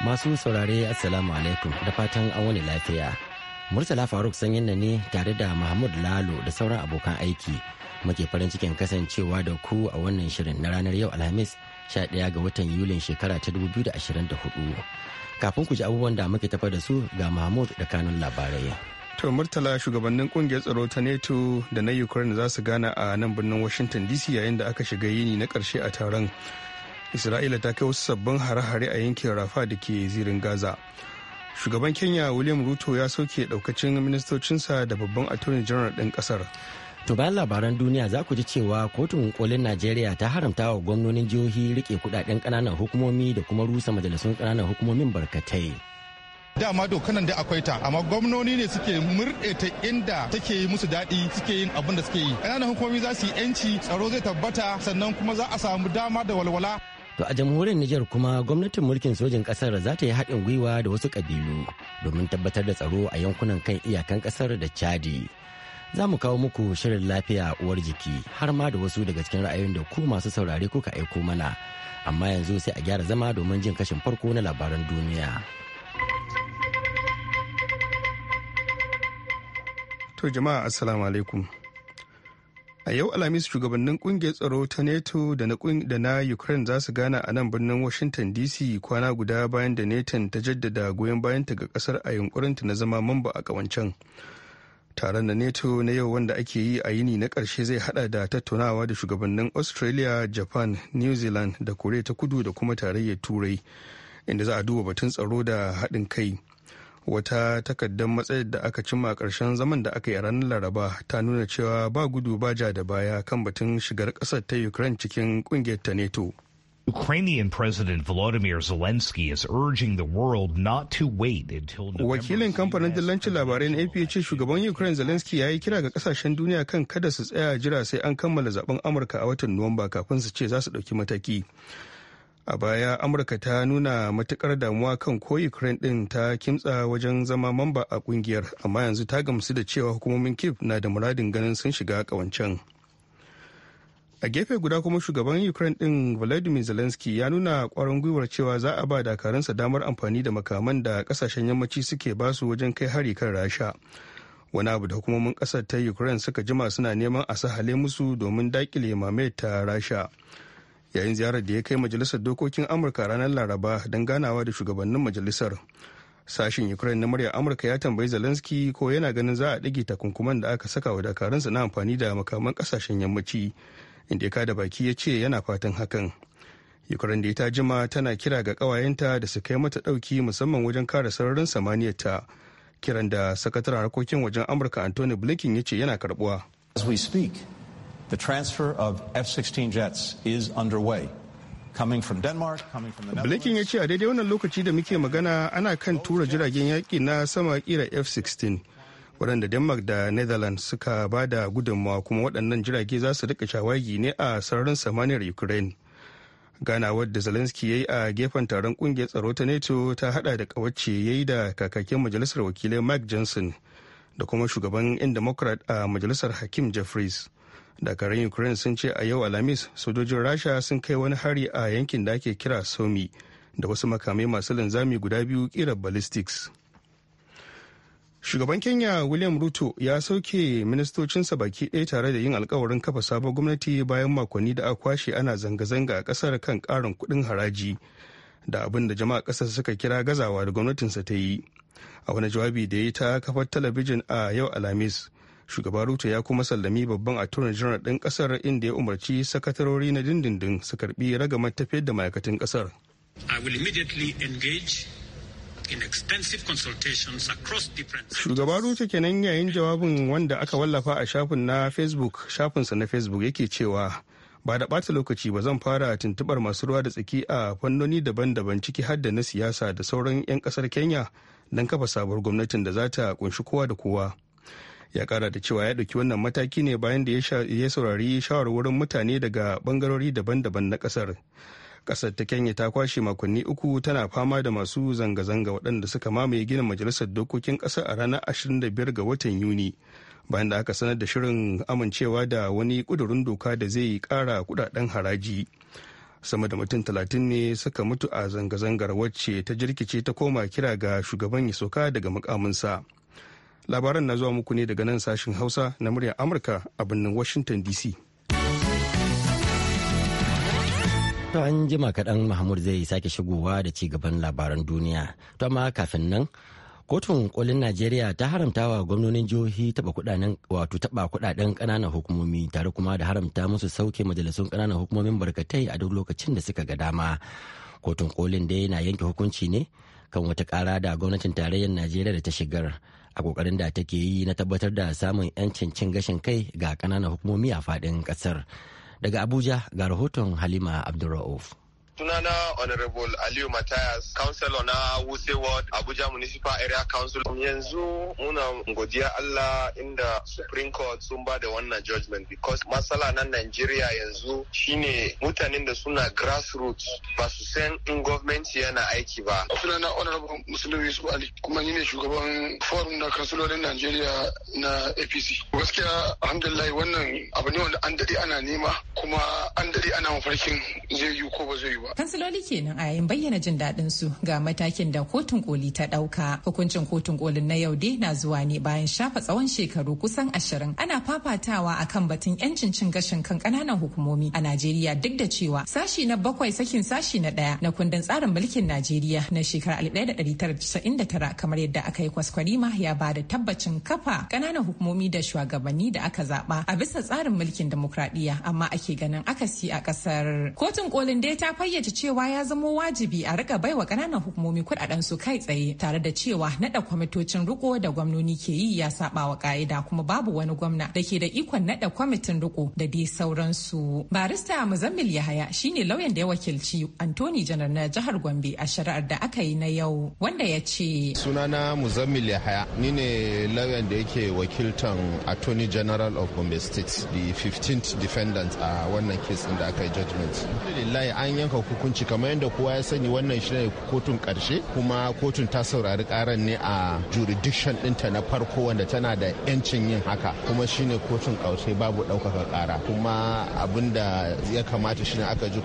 Masu saurare Assalamu alaikum da fatan an wani lafiya. Murtala Faruk sanyin na ne tare da Mahmud Lalo da sauran abokan aiki. Muke farin cikin kasancewa da ku a wannan shirin na ranar yau Alhamis 11 ga watan Yulin shekara ta 2024. Kafin ku ji abubuwan da muke tafa da su ga Mahmud da kanun labarai. To Murtala shugabannin kungiyar tsaro ta NATO da na Ukraine za su gana a nan birnin Washington DC yayin da aka shiga yini na karshe a taron. isra'ila ta kai wasu sabbin hare-hare a yankin rafa da ke zirin gaza shugaban kenya william ruto ya sauke daukacin ministocinsa da babban attorney general din kasar. To bayan labaran duniya za ku ji cewa kotun kolin Najeriya ta haramta wa gwamnonin jihohi rike kudaden kananan hukumomi da kuma rusa majalisun kananan hukumomin barkatai. dama nan da akwai ta amma gwamnoni ne suke murɗe ta inda take yi musu daɗi suke yin abin da suke yi ƙananan hukumomi za su yi yanci tsaro zai tabbata sannan kuma za a samu dama da walwala To a jamhuriyar Nijar kuma gwamnatin mulkin sojin kasar za ta yi haɗin gwiwa da wasu ƙabilu domin tabbatar da tsaro a yankunan kan iyakan kasar da Chadi. Za mu kawo muku shirin lafiya uwar jiki har ma da wasu daga cikin ra'ayoyin da ku masu saurare kuka aiko mana. Amma yanzu sai a gyara zama domin jin kashin farko na labaran duniya. To jama'a assalamu alaikum. a yau alhamis shugabannin kungiyar tsaro ta nato da na ukraine za su gana a nan birnin washington dc kwana guda bayan da netan ta jaddada goyon bayan ta ga kasar a yunkurinta na zama mamba a kawancen taron da nato na yau wanda ake yi a yini na karshe zai hada da tattaunawa da shugabannin australia japan new zealand da korea ta kudu da kuma tarayyar turai inda za a duba batun tsaro da haɗin kai wata takardar matsayar da aka cimma karshen zaman da aka yi ranar laraba ta nuna cewa ba gudu ba ja da baya kan batun shigar ƙasar ta ukraine cikin ƙungiyar ta neto Ukrainian President Volodymyr Zelensky is urging the world not to wait until November. Wakilin kamfanin dillancin labarai na AP ya ce shugaban Ukraine Zelensky ya yi kira ga kasashen duniya kan kada su tsaya jira sai an kammala zaben Amurka a watan Nuwamba kafin su ce za su dauki mataki. a baya amurka ta nuna matukar damuwa kan ko ukraine din ta kimtsa wajen zama mamba a kungiyar amma yanzu ta gamsu da cewa hukumomin kif na da muradin ganin sun shiga kawancen a gefe guda kuma shugaban ukraine din vladimir zelensky ya nuna kwarin gwiwar cewa za a ba dakarunsa damar amfani da makaman da kasashen yammaci suke basu wajen kai hari kan rasha wani abu da hukumomin kasar ta ukraine suka jima suna neman a sahale musu domin dakile mamayar ta rasha yayin ziyarar da ya kai majalisar dokokin amurka ranar laraba don ganawa da shugabannin majalisar sashen ukraine na murya amurka ya tambayi zelensky ko yana ganin za a ɗage takunkuman da aka saka wa dakaransa na amfani da makaman ƙasashen yammaci inda ya kada baki ya ce yana fatan hakan ukraine da ta jima tana kira ga ƙawayenta da su kai mata ɗauki musamman wajen kare sararin samaniyarta kiran da sakataren harkokin wajen amurka antony blinken ya ce yana karbuwa as The transfer of F-16 jets is underway. Blaken ya ce a daidai wannan lokaci da muke magana ana kan tura jiragen yaƙi na sama kira F-16 waɗanda Denmark da Netherlands suka ba da gudunmawa kuma waɗannan jirage za su rika shawagi ne a sararin samaniyar Ukraine. Ganawar da Zelensky ya yi a gefen taron ƙungiyar tsaro ta NATO ta hada da kawace ya yi da kakakin majalisar wakilai Mike Johnson da kuma shugaban 'yan Democrat a majalisar Hakim Jeffries. dakarun ukraine sun ce a yau alhamis sojojin rasha sun kai wani hari a yankin da ake kira somi da wasu makamai masu linzami guda biyu kira ballistics shugaban kenya william ruto ya sauke ministocinsa baki ɗaya tare da yin alkawarin kafa sabon gwamnati bayan makonni da aka kwashe ana zanga-zanga a kasar kan karin kuɗin haraji da abin da jama'a ƙasar suka kira gazawa da gwamnatinsa ta yi a wani jawabi da ya yi ta kafar talabijin a yau alhamis shugaba ruto ya kuma sallami babban attorney general ɗin ƙasar inda ya umarci sakatarori na dindindin su karbi ragamar tafiyar da ma'aikatan ƙasar Shugaba Ruto kenan yayin jawabin wanda aka wallafa a shafin na Facebook, shafinsa na Facebook yake cewa ba da ɓata lokaci ba zan fara tuntubar masu ruwa da tsaki a fannoni daban-daban ciki har da na siyasa da sauran 'yan ƙasar Kenya don kafa sabuwar gwamnatin da za ta kunshi kowa da kowa. ya kara da cewa ya ɗauki wannan mataki ne bayan da ya saurari shawarwarin mutane daga bangarori daban-daban na ƙasar ƙasar ta kenya ta kwashe makonni uku tana fama da masu zanga-zanga waɗanda suka mamaye gina majalisar dokokin ƙasar a ranar 25 ga watan yuni bayan da aka sanar da shirin amincewa da wani ƙudurin doka da zai ƙara kudaden haraji sama da mutum talatin ne suka mutu a zanga-zangar wacce ta jirkice ta koma kira ga shugaban ya sauka daga mukaminsa. labaran na zuwa muku ne daga nan sashen hausa na muryar amurka a birnin washington dc To an jima kaɗan Mahmud zai sake shigowa da ci gaban labaran duniya. To amma kafin nan, kotun kolin Najeriya ta haramta wa gwamnonin jihohi taba kudaden wato taba kudaden ƙananan hukumomi tare kuma da haramta musu sauke majalisun ƙananan hukumomin barkatai a duk lokacin da suka ga dama. Kotun kolin dai na yanke hukunci ne kan wata ƙara da gwamnatin tarayyar Najeriya da ta shigar. a kokarin da take yi na tabbatar da samun 'yancin cin gashin kai ga ƙananan hukumomi a faɗin ƙasar daga abuja ga rahoton halima abdulra'uf Sunana Honorable Aliyu matthias Councilor na Wuse Ward, Abuja Municipal Area Council. Yanzu muna godiya Allah inda Supreme Court sun ba da wannan judgment because matsala na Nigeria yanzu shine mutanen da suna grassroots ba su san in government yana aiki ba. Sunana Honorable Musulmi Yusuf Ali kuma ni ne shugaban forum na councilorin Nigeria na APC. Gaskiya alhamdulillah wannan abu ne wanda an dade ana nema kuma an dade ana mafarkin zai yi ko ba zai yi ba. Kansiloli kenan a yayin bayyana jin daɗin su ga matakin da kotun koli ta ɗauka. Hukuncin kotun kolin na yau dai na zuwa ne bayan shafa tsawon shekaru kusan ashirin ana fafatawa a kan batun yancin cin gashin kan ƙananan hukumomi a Najeriya duk da cewa sashi na bakwai sakin sashi na ɗaya na kundin tsarin mulkin Najeriya na shekarar 1999 kamar yadda aka yi kwaskwarima ya ba da tabbacin kafa ƙananan hukumomi da shugabanni da aka zaɓa a bisa tsarin mulkin demokradiyya amma ake ganin akasi a ƙasar. Kotun kolin dai ta fayyace fayyace cewa ya zamo wajibi a rika baiwa kananan hukumomi kuɗaɗen su kai tsaye tare da cewa naɗa kwamitocin riko da gwamnoni ke yi ya saba wa ƙa'ida kuma babu wani gwamna da ke da ikon naɗa kwamitin riko da dai sauransu. Barista Muzammil Yahaya shine lauyan da ya wakilci Antoni Janar na jihar Gombe a shari'ar da aka yi na yau wanda ya ce. Sunana Muzammil Yahaya ni ne lauyan da yake wakiltan Attorney General of Gombe State the 15th defendant a wannan kes da aka yi judgment. an yanka yanke hukunci kamar yadda kowa ya sani wannan shi ne kotun karshe kuma kotun ta saurari karan ne a jurisdiction dinta na farko wanda tana da yancin yin haka kuma shi ne kotun karshe babu ɗaukaka kara kuma abin da ya kamata shi ne aka ji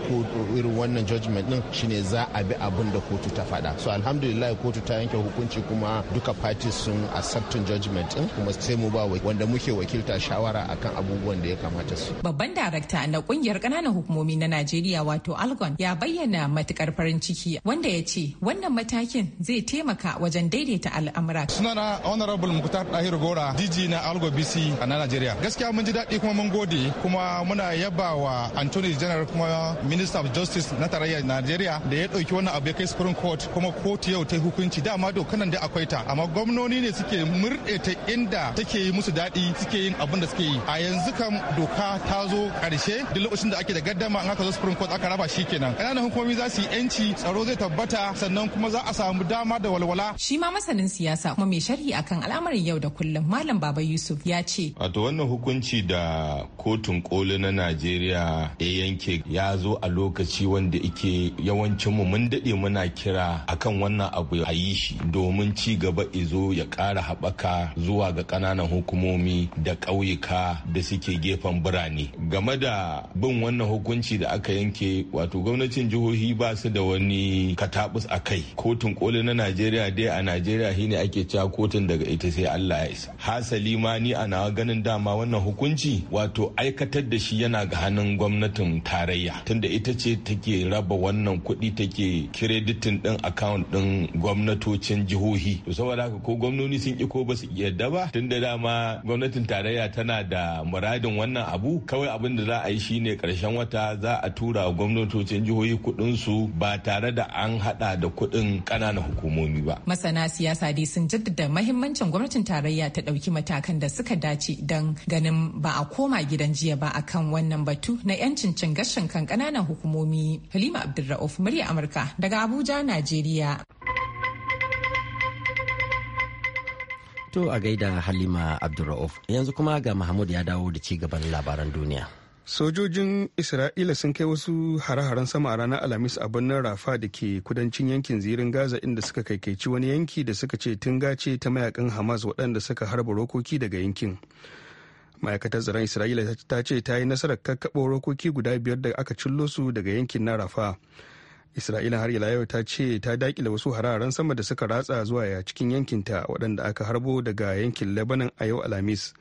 irin wannan judgment din ne za a bi abin da kotu ta faɗa so alhamdulillah kotu ta yanke hukunci kuma duka parties sun accepting judgment din kuma sai mu ba wanda muke wakilta shawara akan abubuwan da ya kamata su babban darakta na kungiyar kananan hukumomi na Najeriya wato Algon ya bayyana matukar farin ciki wanda ya ce wannan matakin zai taimaka wajen daidaita al'amura. Sunana Honorable Mukhtar Dahiru Gora, DG na Algo BC a na Najeriya. Gaskiya mun ji daɗi kuma mun gode kuma muna yaba wa Anthony General kuma Minister of Justice na tarayyar nigeria da ya ɗauki wannan abu ya kai Supreme Court kuma kotu yau ta hukunci dama dokanan da akwai ta amma gwamnoni ne suke murɗe ta inda take yi musu daɗi suke yin abun da suke yi. A yanzu kam doka ta zo ƙarshe duk lokacin da ake da gaddama an aka zo Supreme Court aka raba shi kenan ƙananan hukumomi za su yi yanci tsaro zai tabbata sannan kuma za a samu dama da walwala shi ma masanin siyasa kuma mai sharhi akan al'amarin yau da kullum malam baba yusuf ya ce wato wannan hukunci da kotun koli na najeriya ya yanke ya zo a lokaci wanda ike yawancin mu mun daɗe muna kira akan wannan abu a yi shi domin ci gaba izo ya ƙara haɓaka zuwa ga ƙananan hukumomi da ƙauyuka da suke gefen birane game da bin wannan hukunci da aka yanke wato gwamnati gwamnatin jihohi ba su da wani katabus a kai kotun koli na najeriya dai a najeriya shine ake cewa kotun daga ita sai allah ya isa hasali ma ni ana ganin dama wannan hukunci wato aikatar da shi yana ga hannun gwamnatin tarayya tunda ita ce take raba wannan kuɗi take kireditin din account ɗin gwamnatocin jihohi to saboda haka ko gwamnoni sun ki ko ba su yarda ba tunda dama gwamnatin tarayya tana da muradin wannan abu kawai abin da za a yi shine karshen wata za a tura gwamnatocin jihohi jihohi su ba tare da an haɗa da kuɗin ƙananan hukumomi ba. Masana siyasa dai sun jaddada mahimmancin gwamnatin tarayya ta ɗauki matakan da suka dace don ganin ba a koma gidan jiya ba akan wannan batu na 'yancin cin gashin kan kananan hukumomi. Halima Abdulra'uf murya Amurka daga Abuja, Najeriya. To a gaida Halima Abdulra'uf yanzu kuma ga Mahmud ya dawo da ci gaban labaran duniya. sojojin isra'ila sun kai wasu hare-haren sama a ranar alhamis a birnin rafa da ke kudancin yankin zirin gaza inda suka kaikaici wani yanki da suka ce tun gace ta mayakan hamas waɗanda suka harba rokoki daga yankin ma'aikatar tsaron isra'ila ta ce ta yi nasarar kakkaɓo rokoki guda biyar da aka cillo su daga yankin na rafa isra'ila har ila yau ta ce ta dakile wasu hare-haren sama da suka ratsa zuwa cikin yankinta waɗanda aka harbo daga yankin lebanon a yau alhamis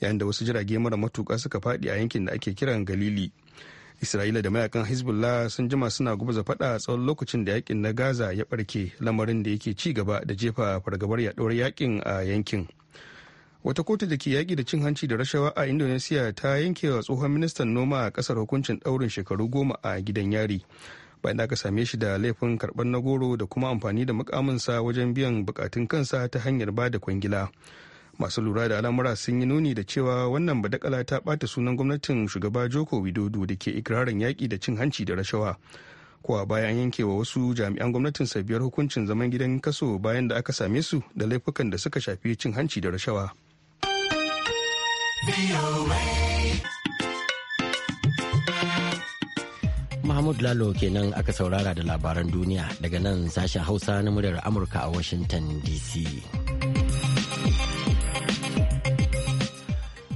yayin da wasu jirage mara matuka suka faɗi a yankin da ake kiran galili isra'ila da mayakan hezbollah sun jima suna gubza faɗa tsawon lokacin da yakin na gaza ya ɓarke lamarin da yake ci gaba da jefa fargabar yaɗuwar yakin a yankin wata kotu da ke yaƙi da cin hanci da rashawa a indonesia ta yanke wa tsohon ministan noma a ƙasar hukuncin ɗaurin shekaru goma a gidan yari bayan da aka same shi da laifin karɓar na goro da kuma amfani da mukaminsa wajen biyan bukatun kansa ta hanyar ba da kwangila masu lura da al'amura sun yi nuni da cewa wannan badakala ta ɓata sunan gwamnatin shugaba joko widodo da ke ikirarin yaƙi da cin hanci da rashawa kuwa bayan yankewa wasu jami'an gwamnatin sabiyar hukuncin zaman gidan kaso bayan da aka same su da laifukan da suka shafi cin hanci da rashawa Mahmud Lalo kenan aka saurara da labaran duniya daga nan sashen Hausa na muryar Amurka a Washington DC.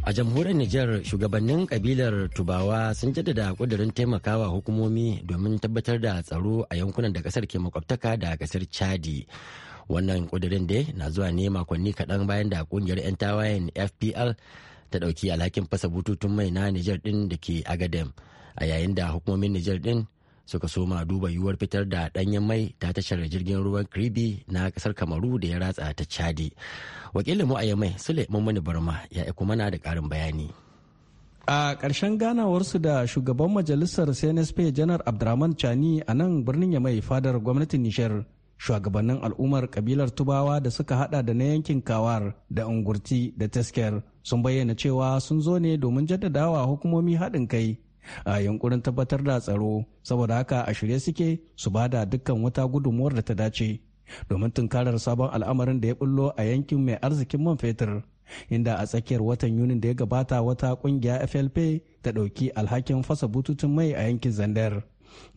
A jamhuriyar Nijar shugabannin kabilar Tubawa sun jaddada kudirin taimakawa hukumomi domin tabbatar da tsaro a yankunan da kasar ke makwabtaka da kasar Chadi. Wannan kudirin dai na zuwa ne makonni kaɗan bayan da kungiyar 'yan tawayen FPL ta ɗauki alhakin fasa bututun mai na Nijar ɗin da ke Agadem. A yayin da hukumomin Nijar ɗin suka soma duba yiwuwar fitar da danyen mai ta tashar jirgin ruwan kribi na kasar kamaru da ya ratsa ta chadi wakilin mu a yamai sule mummuni barma ya iku mana da karin bayani a ƙarshen ganawarsu da shugaban majalisar cnsp janar abdurrahman chani a nan birnin yamai fadar gwamnatin nishar shugabannin al'ummar kabilar tubawa da suka hada da na yankin kawar da ungurti da tasker sun bayyana cewa sun zo ne domin jaddadawa hukumomi haɗin kai a yunkurin tabbatar da tsaro saboda haka a shirye suke su ba da dukkan wata gudunmuwar da ta dace domin tunkarar sabon al'amarin da ya bullo a yankin mai arzikin man fetur inda a tsakiyar watan yunin da ya gabata wata kungiya flp ta ɗauki alhakin fasa bututun mai a yankin zandar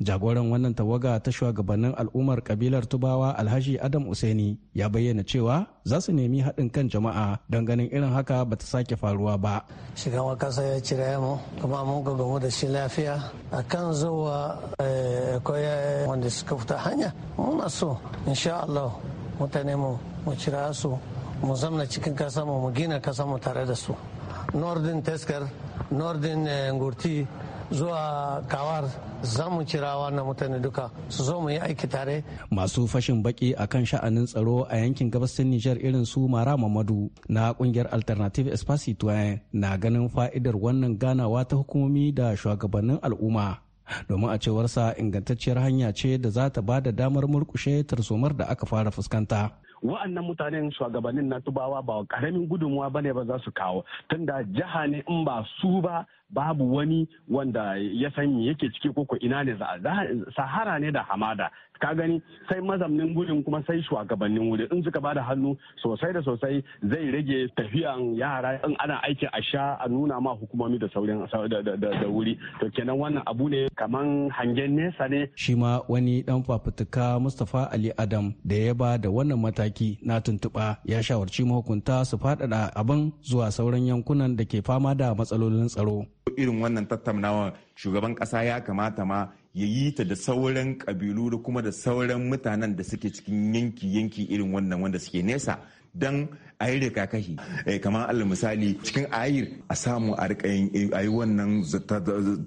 jagoran wannan tawaga ta shugabannin al'ummar kabilar tubawa alhaji adam usaini ya bayyana cewa za su nemi haɗin kan jama'a don ganin irin haka ba ta sake faruwa ba shiganwa kasa ya cire mu kuma mun ga gamu da shi lafiya a kan zuwa eh, koya eh, wanda suka fita hanya muna so insha allah mutane mu mu cira su mu zamna cikin kasa mu gina kasa mu tare da su nordin taskar nordin eh, ngurti zuwa kawar za mu kira wannan mutane duka su zo mu yi aiki tare. Masu fashin baki akan sha'anin tsaro a yankin gabasin Nijar irin su Mara Mamadu na kungiyar Alternative Espacito na ganin fa'idar wannan ganawa ta hukumomi da shugabannin al'umma. domin a cewarsa ingantacciyar hanya ce da za ta ba da damar murkushe tarsomar da aka fara fuskanta. wa'annan mutanen shugabannin na tubawa ba karamin gudunmuwa ba ne ba za su kawo tunda jiha ne in ba su ba babu wani wanda ya sanya yake ciki koko ina ne sahara ne da hamada ka gani sai mazamnin gudun kuma sai shugabannin wuri in suka bada hannu sosai da sosai zai rage tafiyan yara in ana aiki a sha a nuna ma hukumomi da sauran da wuri to kenan wannan abu ne kaman hangen nesa ne shi ma wani dan fafutuka mustafa Ali Adam da ya ba da wannan mataki na tuntuɓa ya shawarci mahukunta su faɗaɗa abin zuwa sauran yankunan da ke fama da matsalolin tsaro irin wannan tattaunawa shugaban ƙasa ya kamata ma ya yi ta da sauran kabilu da kuma da sauran mutanen da suke cikin yanki-yanki irin wannan wanda suke nesa don a yi kakashi eh, kamar allah misali cikin ayir a samu a ayi wannan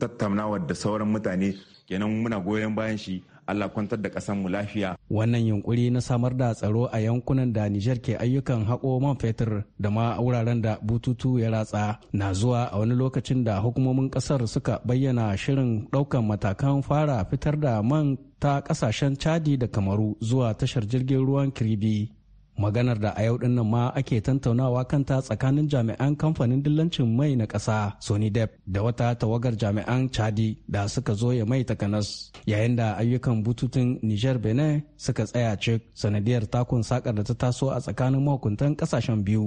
tattaunawar da sauran mutane kenan muna goyon bayan shi Allah kwantar da ƙasar mu lafiya. Wannan yunkuri na samar da tsaro a yankunan da Nijar ke ayyukan haƙo man fetur da ma wuraren da bututu ya ratsa na zuwa a wani lokacin da hukumomin ƙasar suka bayyana shirin ɗaukan matakan fara fitar da man ta ƙasashen Chadi da Kamaru zuwa tashar jirgin ruwan Kiribi maganar da a yau din nan ma ake tantaunawa kanta tsakanin jami'an kamfanin dillancin mai na ƙasa sonidep da wata tawagar jami'an chadi da suka zo ya mai takanas yayin da ayyukan bututun niger benin suka tsaya ce, sanadiyar takun sakar da ta taso a tsakanin mahukuntan ƙasashen biyu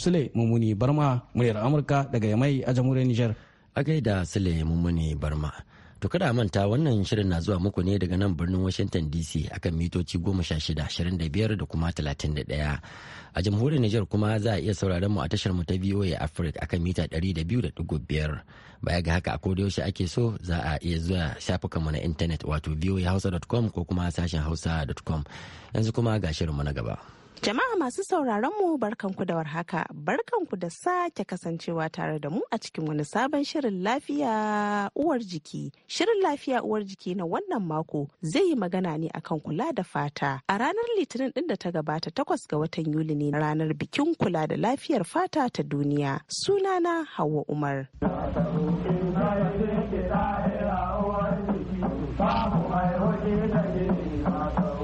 sule mummuni barma muryar amurka daga yamai a jamhuriyar niger a da sule mummuni barma To kada manta wannan shirin na zuwa muku ne daga nan birnin Washington DC akan mitoci 16-25 da kuma 31. A jamhuriyar Nijar kuma za a iya sauraron mu a tashar mu ta VOA Africa akan mita 200.5. Baya ga haka a yaushe ake so za a iya zuwa shafukan mu na intanet wato voahausa.com ko kuma sashen hausa.com. Yanzu kuma ga shirin mu na gaba. Jama'a masu sauraron mu barkanku da warhaka, barkanku da sake kasancewa tare da mu a cikin wani sabon shirin lafiya uwar jiki. Shirin lafiya uwar jiki na wannan mako zai yi magana ne akan kula da fata. A ranar Litinin ɗin da ta gabata takwas ga watan Yuli ne ranar bikin kula da lafiyar fata ta duniya. Sunana Hauwa Umar. Babu mai da ke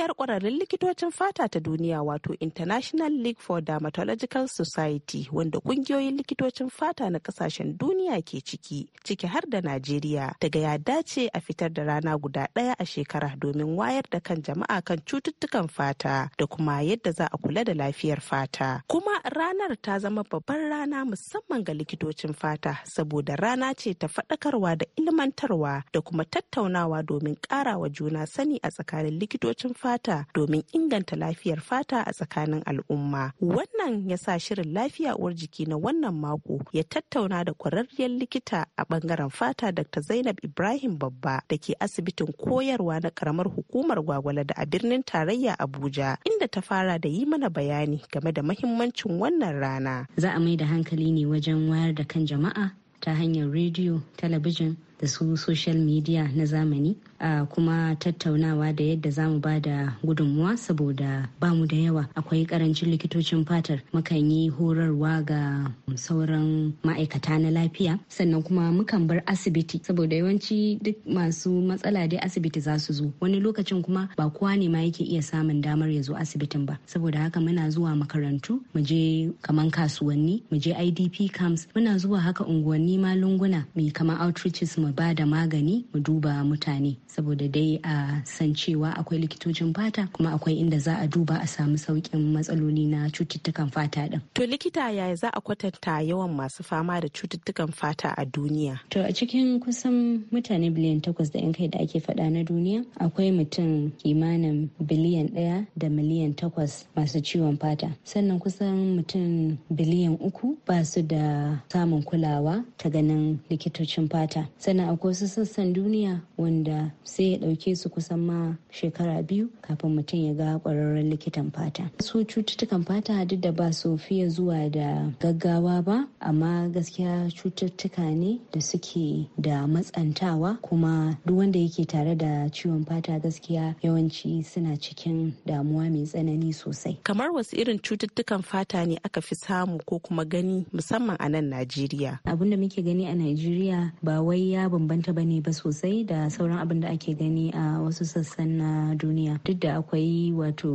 Ƙungiyar kwararrun likitocin fata ta duniya wato International League for Dermatological Society wanda ƙungiyoyin likitocin fata na kasashen duniya ke ciki, ciki har da Najeriya, daga ya dace a fitar da rana guda daya a shekara domin wayar da kan jama'a kan cututtukan fata da kuma yadda za a kula da lafiyar fata. Kuma ranar ta zama babbar rana musamman ga likitocin fata saboda rana ce ta faɗakarwa da ilmantarwa da kuma tattaunawa domin ƙara wa juna sani a tsakanin likitocin fata. fata domin inganta lafiyar fata a tsakanin al'umma. Wannan ya sa shirin lafiya uwar jiki na wannan mako ya tattauna da kwararriyar likita a bangaren fata Dr. Zainab Ibrahim Babba da ke asibitin koyarwa na karamar hukumar Gwagwala da a birnin tarayya Abuja inda ta fara da yi mana bayani game da mahimmancin wannan rana. Za a mai da hankali ne wajen wayar da kan jama'a ta hanyar rediyo, talabijin, da su social media na zamani uh, kuma tattaunawa da yadda za mu ba da gudunmuwa saboda ba mu da yawa akwai karancin likitocin fatar mukan yi horarwa ga sauran ma'aikata na lafiya sannan kuma mukan bar asibiti saboda yawanci duk masu matsala dai asibiti za su zo wani lokacin kuma ba kowa ne ma yake iya samun damar ya zo asibitin ba saboda haka muna zuwa makarantu mu je kaman kasuwanni mu je idp camps muna zuwa haka unguwanni ma lunguna mai kaman outreaches mu mu ba da magani mu duba mutane saboda dai a san cewa akwai likitocin fata kuma akwai inda za a duba a samu sauƙin matsaloli na cututtukan fata ɗin. To likita yaya za a kwatanta yawan masu fama da cututtukan fata a duniya? To a cikin kusan mutane biliyan takwas da 'yan kai da ake faɗa na duniya akwai mutum kimanin biliyan ɗaya da miliyan takwas masu ciwon fata sannan kusan mutum biliyan uku ba su da samun kulawa ta ganin likitocin fata sannan sannan akwai wasu sassan duniya wanda sai ya dauke su kusan ma shekara biyu kafin mutum ya ga ƙwararren likitan fata su cututtukan fata duk da ba su fiye zuwa da gaggawa ba amma gaskiya cututtuka ne da suke da matsantawa kuma duk wanda yake tare da ciwon fata gaskiya yawanci suna cikin damuwa mai tsanani sosai kamar wasu irin cututtukan fata ne aka fi samu ko kuma gani musamman a nan najeriya abin da muke gani a najeriya ba wai ya bambanta bane ba sosai da sauran abin da ake gani a wasu sassan na ah, duniya duk da akwai wato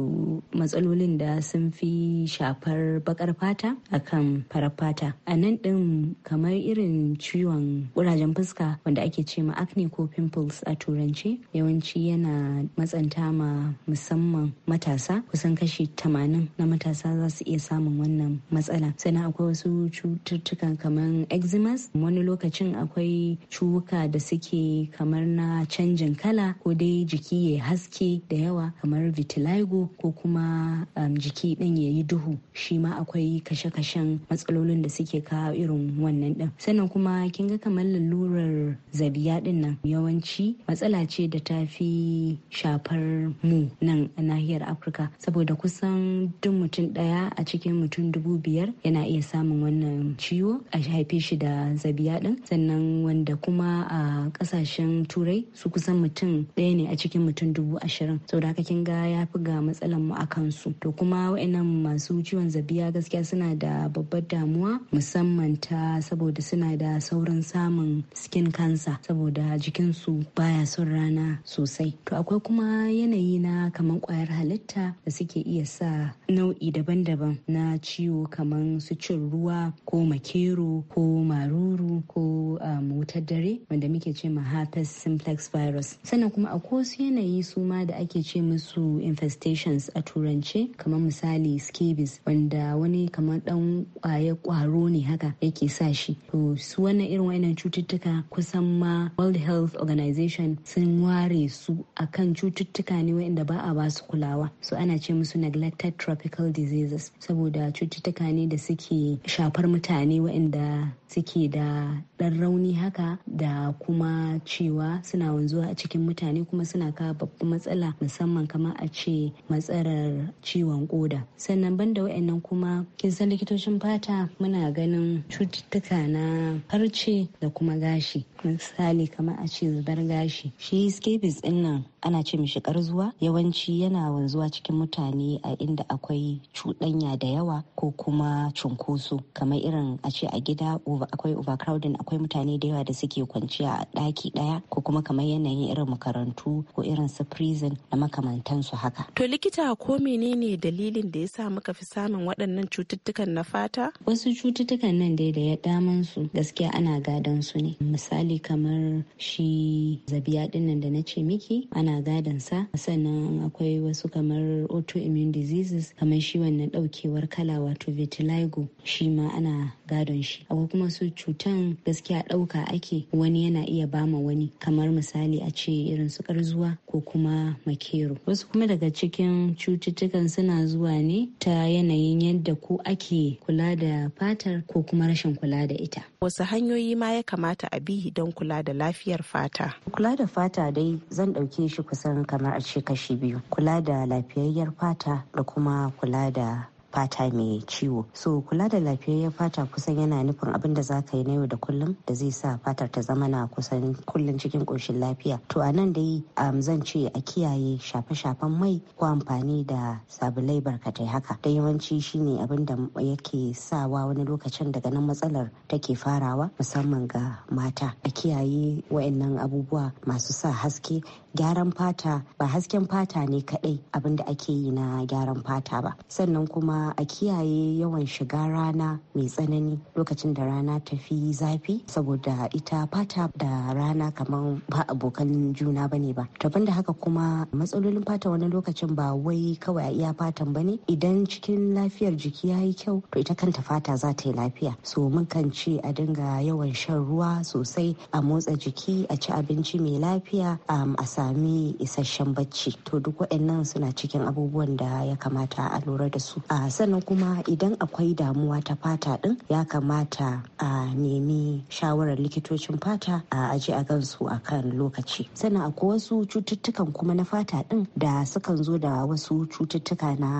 matsalolin da sun fi shafar bakar fata akan farar fata a nan din kamar irin ciwon kurajen fuska wanda ake ce ma acne ko pimples a turanci yawanci yana matsanta ma musamman matasa kusan kashi 80 na matasa za su iya samun wannan matsala sannan akwai wasu cututtukan kamar eczema wani lokacin akwai ciwo. ayyuka da suke kamar na canjin kala ko dai jiki ya haske da yawa kamar vitiligo ko kuma um, jiki din ya yi duhu shi ma akwai kashe-kashen matsalolin da suke kawo irin wannan ɗin sannan kuma kin ga kamar lalurar zabiya ɗin nan yawanci matsala ce da ta fi shafar mu nan a nahiyar afirka saboda kusan duk mutum daya a cikin mutum dubu biyar yana iya samun wannan ciwo a haife shi da zabiya ɗin sannan wanda kuma a kasashen turai su kusan mutum ɗaya ne a cikin mutum dubu ashirin saboda haka kin ga ya fi ga matsalan mu a kansu to kuma wa'annan masu ciwon zabiya gaskiya suna da babbar damuwa musamman ta saboda suna da saurin samun skin cancer saboda jikinsu baya son rana sosai to akwai kuma yanayi na kamar kwayar halitta da suke iya sa nau'i daban-daban na ciwo kamar su cin ruwa ko makero ko maruru ko motar um, dare wanda muke ce ma herpes simplex virus sannan kuma a wasu yanayi su ma da ake ce musu infestations a turance kamar misali scabies wanda wani kamar dan kwaye kwaro ne haka yake sa shi to su wannan irin wayannan cututtuka kusan ma World Health Organization sun ware su akan cututtuka ne wayanda ba a basu kulawa so ana ce musu neglected tropical diseases saboda cututtuka ne da suke shafar mutane wayanda suke da ɗan rauni haka da kuma cewa suna wanzuwa a cikin mutane kuma suna kawo babban matsala musamman kamar a ce matsalar ciwon koda sannan banda wa'annan kuma kin san likitocin fata muna ganin cututtuka na farce da kuma gashi misali kamar a ce zubar gashi shi scabies din nan ana ce mishi karzuwa yawanci yana wanzuwa cikin mutane a inda akwai cuɗanya da yawa ko kuma cunkoso kamar irin a ce a gida akwai overcrowding akwai mutane da yawa da suke kwanciya a ɗaki ɗaya ko kuma kamar yanayin irin makarantu ko irin su prison da makamantansu haka. To likita ko menene dalilin da ya sa muka fi samun waɗannan cututtukan na fata? Wasu cututtukan nan dai da ya damansu gaskiya ana gadon su ne misali misali kamar shi zabiya dinnan da na ce miki ana gadon sa sannan akwai wasu kamar autoimmune diseases kamar shi wannan daukewar kala wato vitiligo shi ma ana gadon shi akwai kuma su cutan gaskiya dauka ake wani yana iya bama wani kamar misali a ce irin su karzuwa ko kuma makero wasu kuma daga cikin cututtukan suna zuwa ne ta yanayin yadda ko ake kula da fatar ko kuma rashin kula da ita wasu hanyoyi ma ya kamata a bi don don kula da lafiyar fata? Kula da fata dai zan ɗauke shi kusan kamar a ce kashi biyu. Kula da lafiyayyar fata da kuma kula da fata mai ciwo so kula da lafiyayyar fata kusan yana nufin abin da za ka yi na yau da kullum da zai sa fatar ta zama na kusan kullum cikin ƙoshin lafiya to a nan dai zan ce a kiyaye shafe-shafen mai ko amfani da sabulai barkatai haka da yawanci shine abin da yake sawa wani lokacin daga nan matsalar take farawa musamman ga mata a kiyaye wayannan abubuwa masu sa haske gyaran fata ba hasken fata ne kadai abin da ake yi na gyaran fata ba sannan kuma a kiyaye yawan shiga rana mai tsanani lokacin da rana ta fi zafi saboda ita fata da rana kamar ba abokan juna ba ne ba taban da haka kuma matsalolin fata wani lokacin ba wai kawai a iya fatan ba ne idan cikin lafiyar jiki ya yi kyau to ita kanta fata za ta yi lafiya so mun kan ce a dinga yawan shan ruwa sosai a motsa jiki a ci abinci mai lafiya a sami isasshen bacci to duk waɗannan suna cikin abubuwan da ya kamata a lura da su a sannan kuma idan akwai damuwa ta fata din ya kamata a nemi shawarar likitocin fata a aji a gansu a kan lokaci sannan akwai wasu cututtukan kuma na fata din da sukan zo da wasu cututtuka na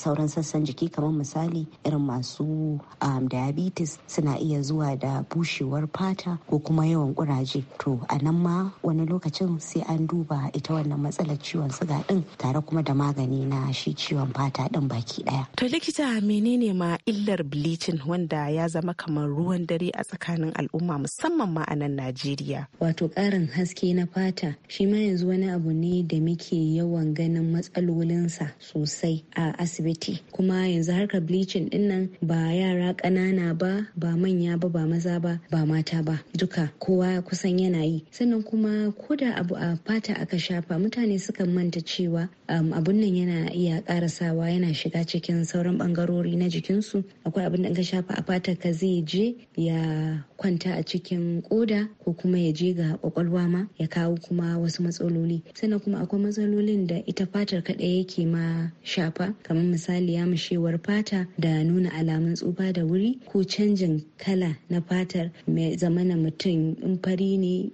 sauran sassan jiki kamar misali irin masu um, diabetes suna iya zuwa da bushewar fata ko kuma yawan kuraje to a nan ma wani lokacin sai an duba ita wannan matsalar ciwon suga din tare kuma da magani na shi ciwon fata din baki daya likita menene ma illar bleaching wanda ya zama kamar ruwan dare a tsakanin al'umma musamman ma a nan najeriya wato ƙarin haske na fata shi ma yanzu wani abu ne da muke yawan ganin matsalolinsa sosai a asibiti kuma yanzu harkar bleaching din nan ba yara ƙanana ba ba manya ba ba maza ba ba mata ba duka kowa kusan yana yi sannan kuma koda abu a fata aka shafa mutane suka manta cewa um, abun nan yana iya karasawa yana shiga cikin sauran bangarori na jikinsu akwai abin da in ka shafa a fatar ka zai je ya kwanta a cikin koda ko kuma ya je ga kwakwalwa ma ya kawo kuma wasu matsaloli sannan kuma akwai matsalolin da ita fatar kaɗai yake ma shafa kamar misali ya mushewar fata da nuna alamun tsufa da wuri ko canjin kala na fatar mai zamana mutum in fari ne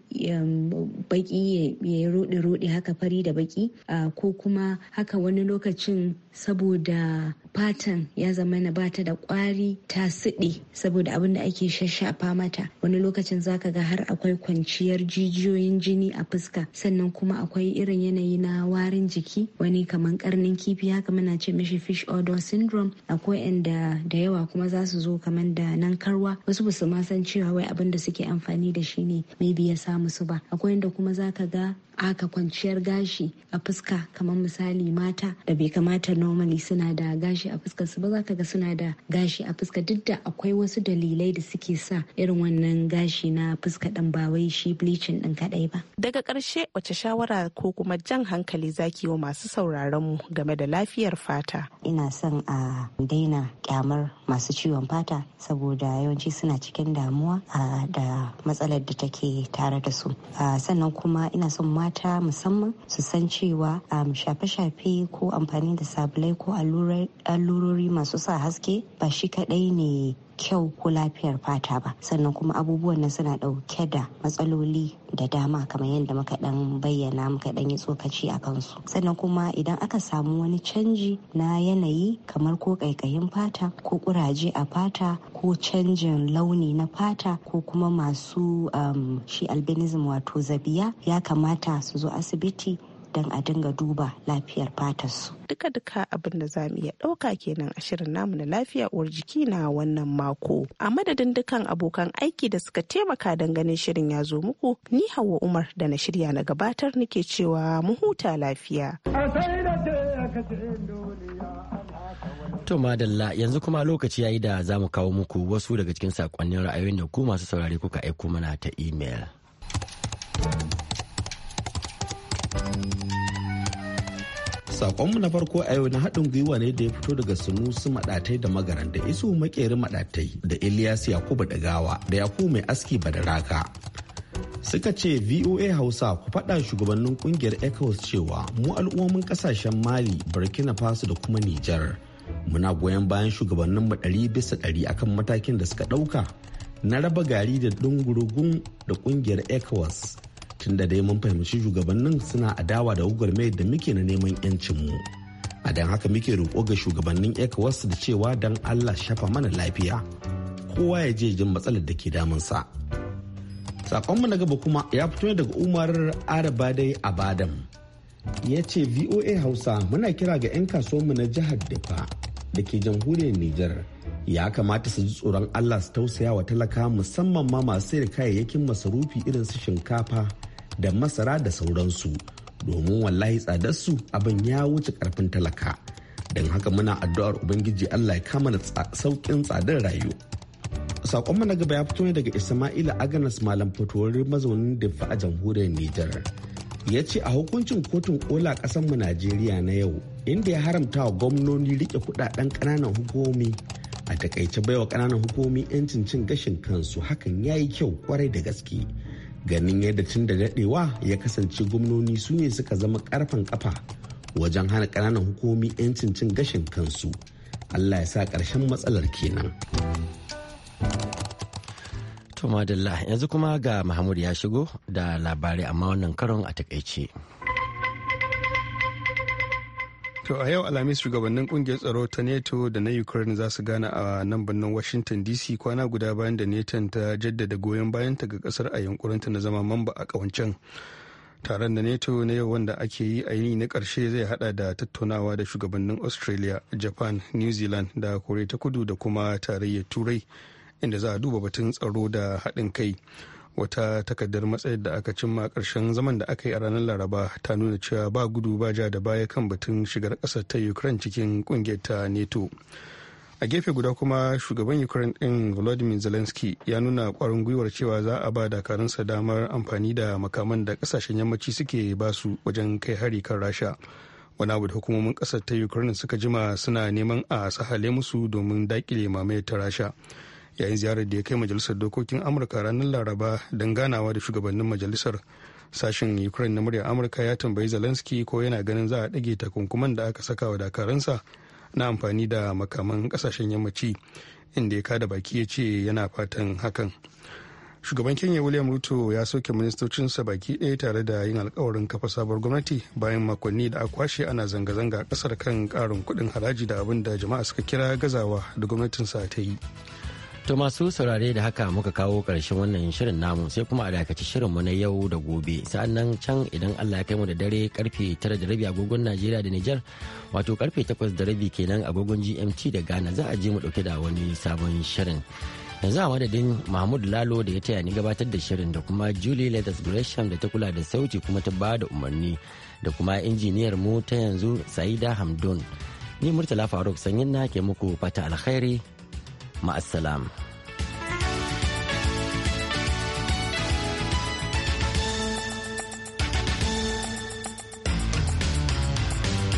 baki ya rode rode haka fari da baki ko kuma haka wani lokacin saboda fata fatan ya zama na bata da kwari ta siɗe saboda abin da ake shashafa mata wani lokacin zaka ga har akwai kwanciyar jijiyoyin jini a fuska sannan kuma akwai irin yanayi na warin jiki wani kaman karnin kifi haka muna ce mishi fish odor syndrome akwai inda da yawa kuma za su zo kaman da nan karwa wasu ba su ma san cewa wai abin da suke amfani da shi ne maybe ya samu su ba akwai inda kuma zaka ga aka kwanciyar gashi a fuska kamar misali mata da bai kamata normally suna da gashi a fuska su ba za ka ga suna da gashi a fuska duk da akwai wasu dalilai da suke sa irin wannan gashi na fuska ɗin ba wai shi bleaching ɗin kadai ba. Daga karshe wace shawara ko kuma jan hankali zaki wa masu sauraron mu game da lafiyar fata. Ina son a daina kyamar masu ciwon fata saboda yawanci suna cikin damuwa da matsalar da take tare da su. Sannan kuma ina son mata mata musamman su san cewa um, shafe-shafe ko amfani da sabulai ko allurori masu sa haske ba shi kadai ne kyau ko lafiyar fata ba sannan kuma abubuwan nan suna dauke da matsaloli da dama kamar yadda muka dan bayyana muka dan yi tsokaci a kansu sannan kuma idan aka samu wani canji na yanayi kamar ko ƙaiƙayin fata ko ƙuraje a fata ko canjin launi na fata ko kuma masu um, shi albinism wato zabiya ya kamata su zo asibiti don a dinga duba lafiyar fatarsu. Duka-duka abin da za mu iya ɗauka kenan a shirin namu na lafiya uwar jiki na wannan mako. A madadin dukan abokan aiki da suka taimaka don ganin shirin ya zo muku, ni Hauwa Umar da na shirya na gabatar nake cewa mu huta lafiya. To madalla yanzu kuma lokaci yayi da za mu kawo muku wasu daga cikin sakonnin ra'ayoyin da ku masu saurare kuka aiko mana ta imel. Sakonmu na farko a yau na haɗin gwiwa ne da ya fito daga Sunusu Maɗatai da Magaran da Isu Makeri Maɗatai da Ilyas Yakubu Dagawa da Yakubu Mai Aski ba da raka. Suka ce VOA Hausa ku faɗa shugabannin ƙungiyar ECOWAS cewa mu al'ummomin ƙasashen Mali, Burkina Faso da kuma Nijar. Muna goyon bayan shugabannin mu ɗari bisa ɗari akan matakin da suka ɗauka na raba gari da ɗungurugun da ƙungiyar ECOWAS tun da dai mun fahimci shugabannin suna adawa da gwagwarmayar da muke na neman 'yancinmu a don haka muke roƙo ga shugabannin ecowas da cewa don allah shafa mana lafiya kowa ya je jin matsalar da ke damunsa saƙonmu na gaba kuma ya fito ne daga umar a abadam ya ce voa hausa muna kira ga 'yan kasuwanmu na jihar dafa da ke jamhuriyar nijar ya kamata su ji tsoron allah su tausaya wa talaka musamman ma masu sayar kayayyakin masarufi irin su shinkafa da masara da sauransu domin wallahi tsadarsu abin ya wuce karfin talaka don haka muna addu'ar ubangiji allah ya kama sauƙin tsadar rayu saƙon na gaba ya fito ne daga isma'ila aganas malam fatuwar mazaunin dafa a jamhuriyar nijar ya ce a hukuncin kotun kola mu najeriya na yau inda ya haramta wa gwamnoni rike kudaden ƙananan hukumomi a takaice baiwa ƙananan hukumomi 'yancin cin gashin kansu hakan ya yi kyau kwarai da gaske ganin yadda tun da dadewa ya kasance gwamnoni su ne suka zama karfan ƙafa wajen hana ƙananan hukumomi 'yancin cin gashin kansu allah ya sa ƙarshen matsalar kenan to madalla yanzu kuma ga mahmud ya shigo da labarai amma wannan karon a takaice. To a yau Alhamis shugabannin kungiyar tsaro ta NATO da na Ukraine za su gana a nan birnin Washington DC kwana guda bayan da NATO ta jaddada goyon bayanta ga kasar a yankurinta na zama mamba a kawancen. Taron da NATO na yau wanda ake yi a yini na karshe zai hada da tattaunawa da shugabannin Australia, Japan, New Zealand da korea ta Kudu da kuma tarayyar Turai inda za a duba batun tsaro da haɗin kai. wata takardar matsayar da aka cimma ƙarshen zaman da aka yi a ranar laraba ta nuna cewa ba gudu ba ja da baya kan batun shigar ƙasar ta ukraine cikin ƙungiyar ta neto a gefe guda kuma shugaban ukraine din volodymyr zelensky ya nuna kwarin gwiwar cewa za a ba dakarunsa damar amfani da makaman da kasashen yammaci suke ba su wajen kai hari kan rasha wani abu da hukumomin kasar ta ukraine suka jima suna neman a sahale musu domin dakile mamayar ta rasha yayin ziyarar da ya kai majalisar dokokin amurka ranar laraba don ganawa da shugabannin majalisar sashen ukraine na muryar amurka ya tambayi zelensky ko yana ganin za a ɗage takunkuman da aka saka wa dakaransa na amfani da makaman kasashen yammaci inda ya kada baki ya ce yana fatan hakan shugaban kenya william ruto ya soke ministocinsa baki ɗaya tare da yin alkawarin kafa sabuwar gwamnati bayan makonni da a kwashe ana zanga-zanga a ƙasar kan ƙarin kuɗin haraji da abin da jama'a suka kira gazawa da gwamnatinsa ta yi To masu saurare da haka muka kawo ƙarshen wannan shirin namu sai kuma a dakaci mu na yau da gobe sa'an nan can idan Allah ya kai mu da dare karfe tara da rabi agogon Najeriya da niger wato karfe takwas da rabi kenan agogon GMT da Ghana za a je mu dauke da wani sabon shirin. Yanzu a madadin Mahmud Lalo da ya taya ni gabatar da shirin da kuma Julie Letters Gresham da ta kula da sauti kuma ta bada umarni da kuma injiniyar mu ta yanzu Saida Hamdon. Ni Murtala Faruk sanyin na ke muku fata alkhairi مع السلامه